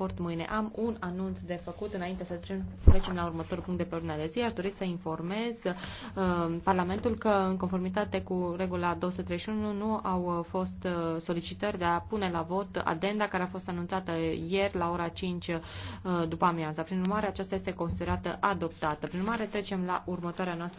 sport mâine. Am un anunț de făcut înainte să trecem, trecem la următorul punct de pe ordinea de zi. Aș dori să informez uh, Parlamentul că, în conformitate cu regula 231, nu au uh, fost uh, solicitări de a pune la vot adenda care a fost anunțată ieri la ora 5 uh, după amiază. Prin urmare, aceasta este considerată adoptată. Prin urmare, trecem la următoarea noastră